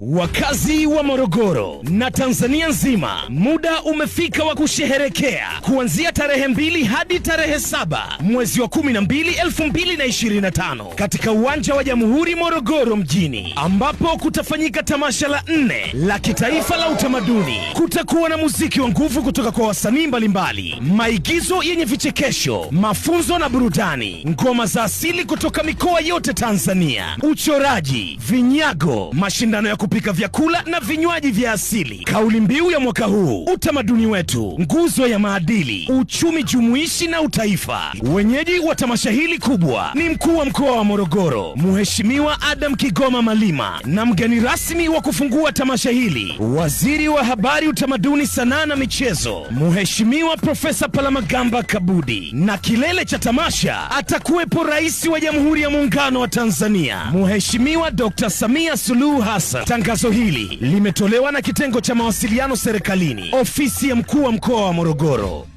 Wakazi wa Morogoro na Tanzania nzima, muda umefika wa kusherehekea. Kuanzia tarehe mbili hadi tarehe saba mwezi wa kumi na mbili elfu mbili na ishirini na tano katika uwanja wa Jamhuri Morogoro mjini, ambapo kutafanyika tamasha la nne la kitaifa la utamaduni. Kutakuwa na muziki wa nguvu kutoka kwa wasanii mbalimbali, maigizo yenye vichekesho, mafunzo na burudani, ngoma za asili kutoka mikoa yote Tanzania, uchoraji, vinyago, mashindano ya kupika vyakula na vinywaji vya asili. Kauli mbiu ya mwaka huu, utamaduni wetu, nguzo ya maadili, uchumi jumuishi na utaifa. Wenyeji wa tamasha hili kubwa ni mkuu wa mkoa wa Morogoro, Mheshimiwa Adam Kigoma Malima, na mgeni rasmi wa kufungua tamasha hili, waziri wa habari, utamaduni, sanaa na michezo, Mheshimiwa Profesa Palamagamba Kabudi, na kilele cha tamasha atakuwepo Rais wa Jamhuri ya Muungano wa Tanzania, Mheshimiwa Dr. Samia Suluhu Hassan. Tangazo hili limetolewa na kitengo cha mawasiliano serikalini, ofisi ya mkuu wa mkoa wa Morogoro.